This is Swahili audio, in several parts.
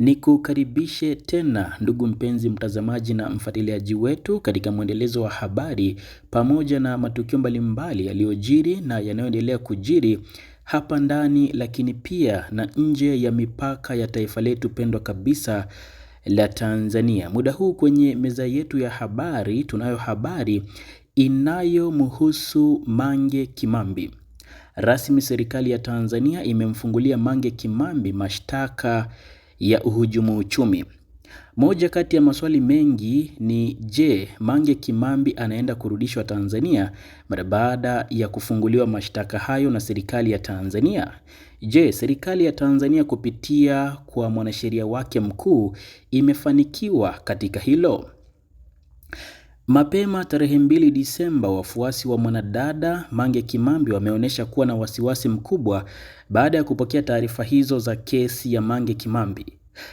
Ni kukaribishe tena ndugu mpenzi mtazamaji na mfuatiliaji wetu katika mwendelezo wa habari pamoja na matukio mbalimbali yaliyojiri na yanayoendelea kujiri hapa ndani, lakini pia na nje ya mipaka ya taifa letu pendwa kabisa la Tanzania. Muda huu kwenye meza yetu ya habari tunayo habari inayomhusu Mange Kimambi. Rasmi serikali ya Tanzania imemfungulia Mange Kimambi mashtaka ya uhujumu uchumi. Moja kati ya maswali mengi ni je, Mange Kimambi anaenda kurudishwa Tanzania mara baada ya kufunguliwa mashtaka hayo na serikali ya Tanzania? Je, serikali ya Tanzania kupitia kwa mwanasheria wake mkuu imefanikiwa katika hilo? Mapema tarehe 2 Disemba, wafuasi wa mwanadada Mange Kimambi wameonyesha kuwa na wasiwasi mkubwa baada ya kupokea taarifa hizo za kesi ya Mange Kimambi.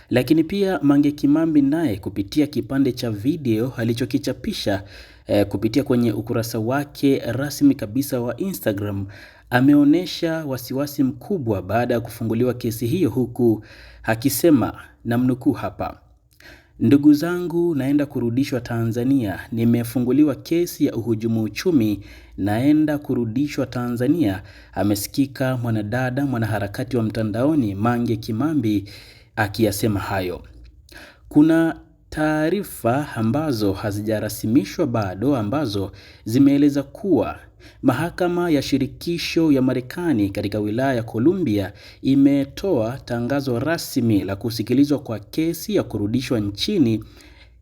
Lakini pia Mange Kimambi naye kupitia kipande cha video alichokichapisha eh, kupitia kwenye ukurasa wake rasmi kabisa wa Instagram ameonyesha wasiwasi mkubwa baada ya kufunguliwa kesi hiyo, huku akisema namnukuu hapa: Ndugu zangu, naenda kurudishwa Tanzania. Nimefunguliwa kesi ya uhujumu uchumi, naenda kurudishwa Tanzania, amesikika mwanadada mwanaharakati wa mtandaoni Mange Kimambi akiyasema hayo. Kuna taarifa ambazo hazijarasimishwa bado ambazo zimeeleza kuwa mahakama ya shirikisho ya Marekani katika wilaya ya Columbia imetoa tangazo rasmi la kusikilizwa kwa kesi ya kurudishwa nchini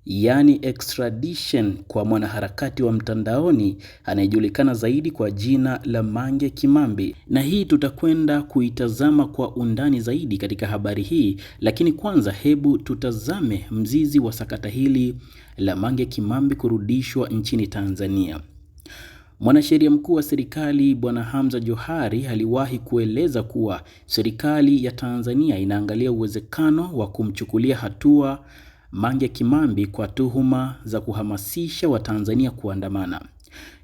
yaani extradition kwa mwanaharakati wa mtandaoni anayejulikana zaidi kwa jina la Mange Kimambi, na hii tutakwenda kuitazama kwa undani zaidi katika habari hii, lakini kwanza, hebu tutazame mzizi wa sakata hili la Mange Kimambi kurudishwa nchini Tanzania. Mwanasheria mkuu wa serikali Bwana Hamza Johari aliwahi kueleza kuwa serikali ya Tanzania inaangalia uwezekano wa kumchukulia hatua Mange Kimambi kwa tuhuma za kuhamasisha Watanzania kuandamana.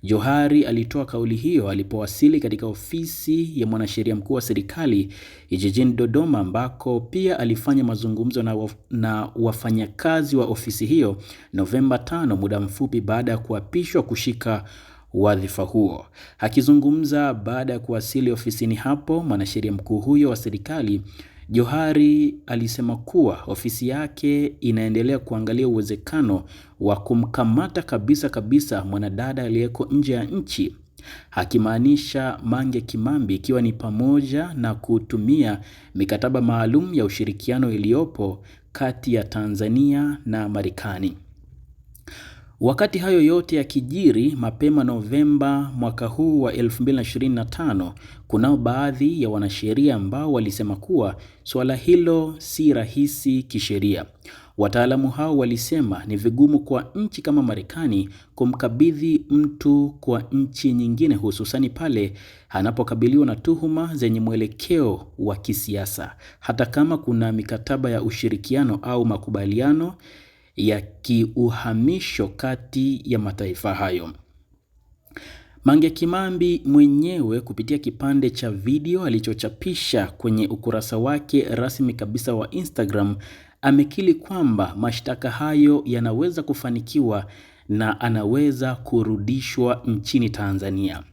Johari alitoa kauli hiyo alipowasili katika ofisi ya mwanasheria mkuu wa serikali jijini Dodoma ambako pia alifanya mazungumzo na, waf na wafanyakazi wa ofisi hiyo Novemba 5 muda mfupi baada ya kuapishwa kushika wadhifa huo. Akizungumza baada ya kuwasili ofisini hapo, mwanasheria mkuu huyo wa serikali Johari alisema kuwa ofisi yake inaendelea kuangalia uwezekano wa kumkamata kabisa kabisa mwanadada aliyeko nje ya nchi, akimaanisha Mange Kimambi, ikiwa ni pamoja na kutumia mikataba maalum ya ushirikiano iliyopo kati ya Tanzania na Marekani. Wakati hayo yote yakijiri, mapema Novemba mwaka huu wa 2025, kunao baadhi ya wanasheria ambao walisema kuwa suala hilo si rahisi kisheria. Wataalamu hao walisema ni vigumu kwa nchi kama Marekani kumkabidhi mtu kwa nchi nyingine, hususani pale anapokabiliwa na tuhuma zenye mwelekeo wa kisiasa, hata kama kuna mikataba ya ushirikiano au makubaliano ya kiuhamisho kati ya mataifa hayo. Mange Kimambi mwenyewe kupitia kipande cha video alichochapisha kwenye ukurasa wake rasmi kabisa wa Instagram amekili kwamba mashtaka hayo yanaweza kufanikiwa na anaweza kurudishwa nchini Tanzania.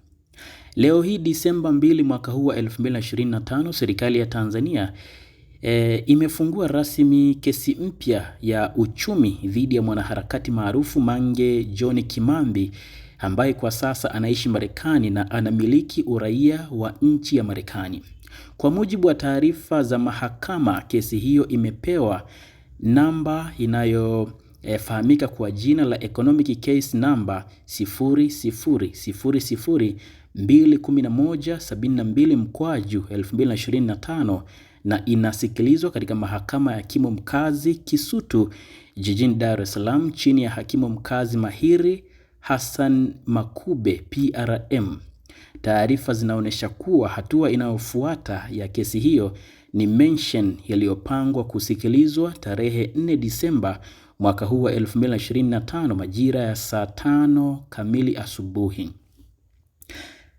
Leo hii Disemba 2 mwaka huu wa 2025, serikali ya Tanzania E, imefungua rasmi kesi mpya ya uchumi dhidi ya mwanaharakati maarufu Mange John Kimambi ambaye kwa sasa anaishi Marekani na anamiliki uraia wa nchi ya Marekani. Kwa mujibu wa taarifa za mahakama, kesi hiyo imepewa namba inayofahamika e, kwa jina la Economic Case Number 000021172 mkwaju 2025 na inasikilizwa katika mahakama ya hakimu mkazi Kisutu jijini Dar es Salaam chini ya hakimu mkazi mahiri Hassan Makube PRM. Taarifa zinaonyesha kuwa hatua inayofuata ya kesi hiyo ni mention yaliyopangwa kusikilizwa tarehe 4 Disemba mwaka huu wa 2025 majira ya saa tano kamili asubuhi.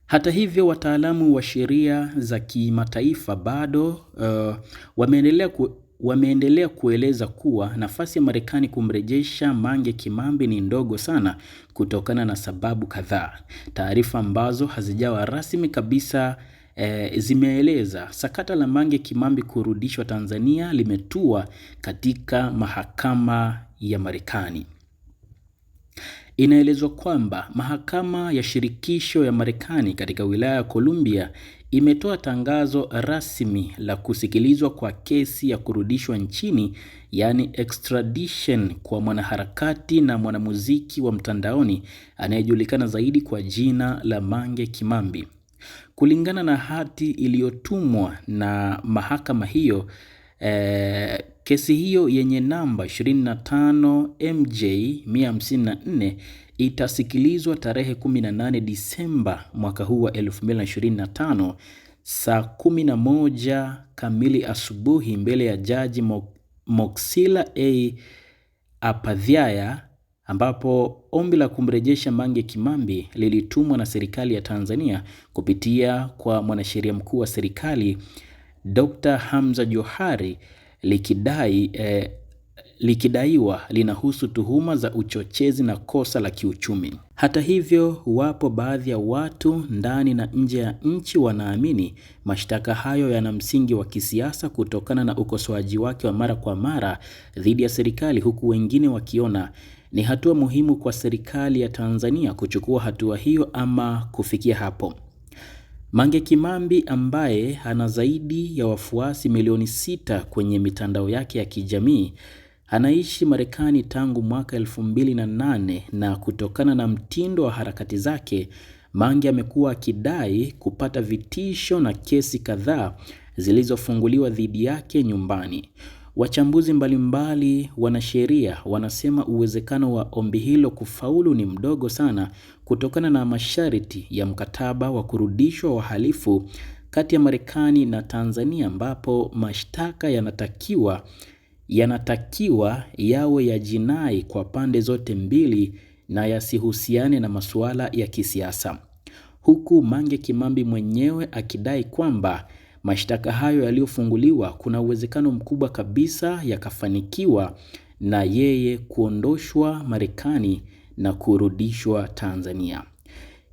Hata hivyo, wataalamu wa sheria za kimataifa bado uh, wameendelea ku, wameendelea kueleza kuwa nafasi ya Marekani kumrejesha Mange Kimambi ni ndogo sana kutokana na sababu kadhaa. Taarifa ambazo hazijawa rasmi kabisa E, zimeeleza sakata la Mange Kimambi kurudishwa Tanzania limetua katika mahakama ya Marekani. Inaelezwa kwamba mahakama ya shirikisho ya Marekani katika wilaya ya Columbia imetoa tangazo rasmi la kusikilizwa kwa kesi ya kurudishwa nchini, yani extradition, kwa mwanaharakati na mwanamuziki wa mtandaoni anayejulikana zaidi kwa jina la Mange Kimambi. Kulingana na hati iliyotumwa na mahakama hiyo, E, kesi hiyo yenye namba 25 MJ 154 itasikilizwa tarehe 18 Disemba mwaka huu wa 2025 saa 11 kamili asubuhi mbele ya Jaji Moksila A Apadhyaya ambapo ombi la kumrejesha Mange Kimambi lilitumwa na serikali ya Tanzania kupitia kwa mwanasheria mkuu wa serikali Dr. Hamza Johari likidai eh, likidaiwa linahusu tuhuma za uchochezi na kosa la kiuchumi. Hata hivyo, wapo baadhi ya watu ndani na nje ya nchi wanaamini mashtaka hayo yana msingi wa kisiasa kutokana na ukosoaji wake wa mara kwa mara dhidi ya serikali, huku wengine wakiona ni hatua muhimu kwa serikali ya Tanzania kuchukua hatua hiyo ama kufikia hapo. Mange Kimambi ambaye ana zaidi ya wafuasi milioni sita kwenye mitandao yake ya kijamii anaishi Marekani tangu mwaka 2008 na kutokana na mtindo wa harakati zake, Mange amekuwa akidai kupata vitisho na kesi kadhaa zilizofunguliwa dhidi yake nyumbani. Wachambuzi mbalimbali, wanasheria wanasema uwezekano wa ombi hilo kufaulu ni mdogo sana kutokana na masharti ya mkataba wa kurudishwa wahalifu kati ya Marekani na Tanzania ambapo mashtaka yanatakiwa yanatakiwa yawe ya jinai kwa pande zote mbili na yasihusiane na masuala ya kisiasa. Huku Mange Kimambi mwenyewe akidai kwamba mashtaka hayo yaliyofunguliwa, kuna uwezekano mkubwa kabisa yakafanikiwa na yeye kuondoshwa Marekani na kurudishwa Tanzania.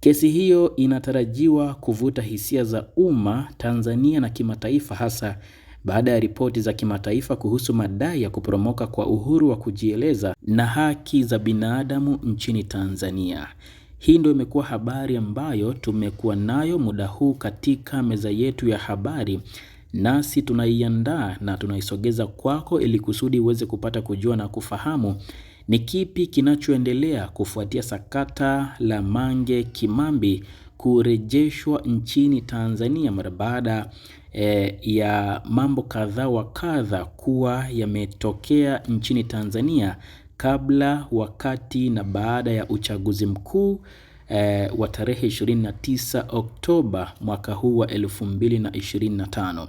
Kesi hiyo inatarajiwa kuvuta hisia za umma Tanzania na kimataifa, hasa baada ya ripoti za kimataifa kuhusu madai ya kuporomoka kwa uhuru wa kujieleza na haki za binadamu nchini Tanzania. Hii ndio imekuwa habari ambayo tumekuwa nayo muda huu katika meza yetu ya habari, nasi tunaiandaa na tunaisogeza kwako ili kusudi uweze kupata kujua na kufahamu ni kipi kinachoendelea kufuatia sakata la Mange Kimambi kurejeshwa nchini Tanzania mara baada e, ya mambo kadha wa kadha kuwa yametokea nchini Tanzania kabla, wakati na baada ya uchaguzi mkuu e, wa tarehe 29 Oktoba mwaka huu wa 2025.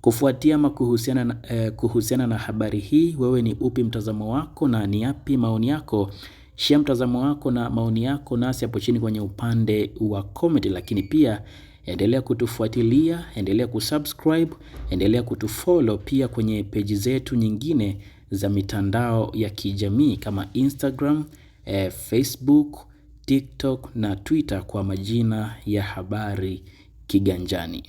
Kufuatia ama kuhusiana na, eh, kuhusiana na habari hii, wewe ni upi mtazamo wako na ni yapi maoni yako? Shia mtazamo wako na maoni yako nasi hapo chini kwenye upande wa comment, lakini pia endelea kutufuatilia, endelea kusubscribe, endelea kutufollow pia kwenye peji zetu nyingine za mitandao ya kijamii kama Instagram, eh, Facebook, TikTok na Twitter kwa majina ya Habari Kiganjani.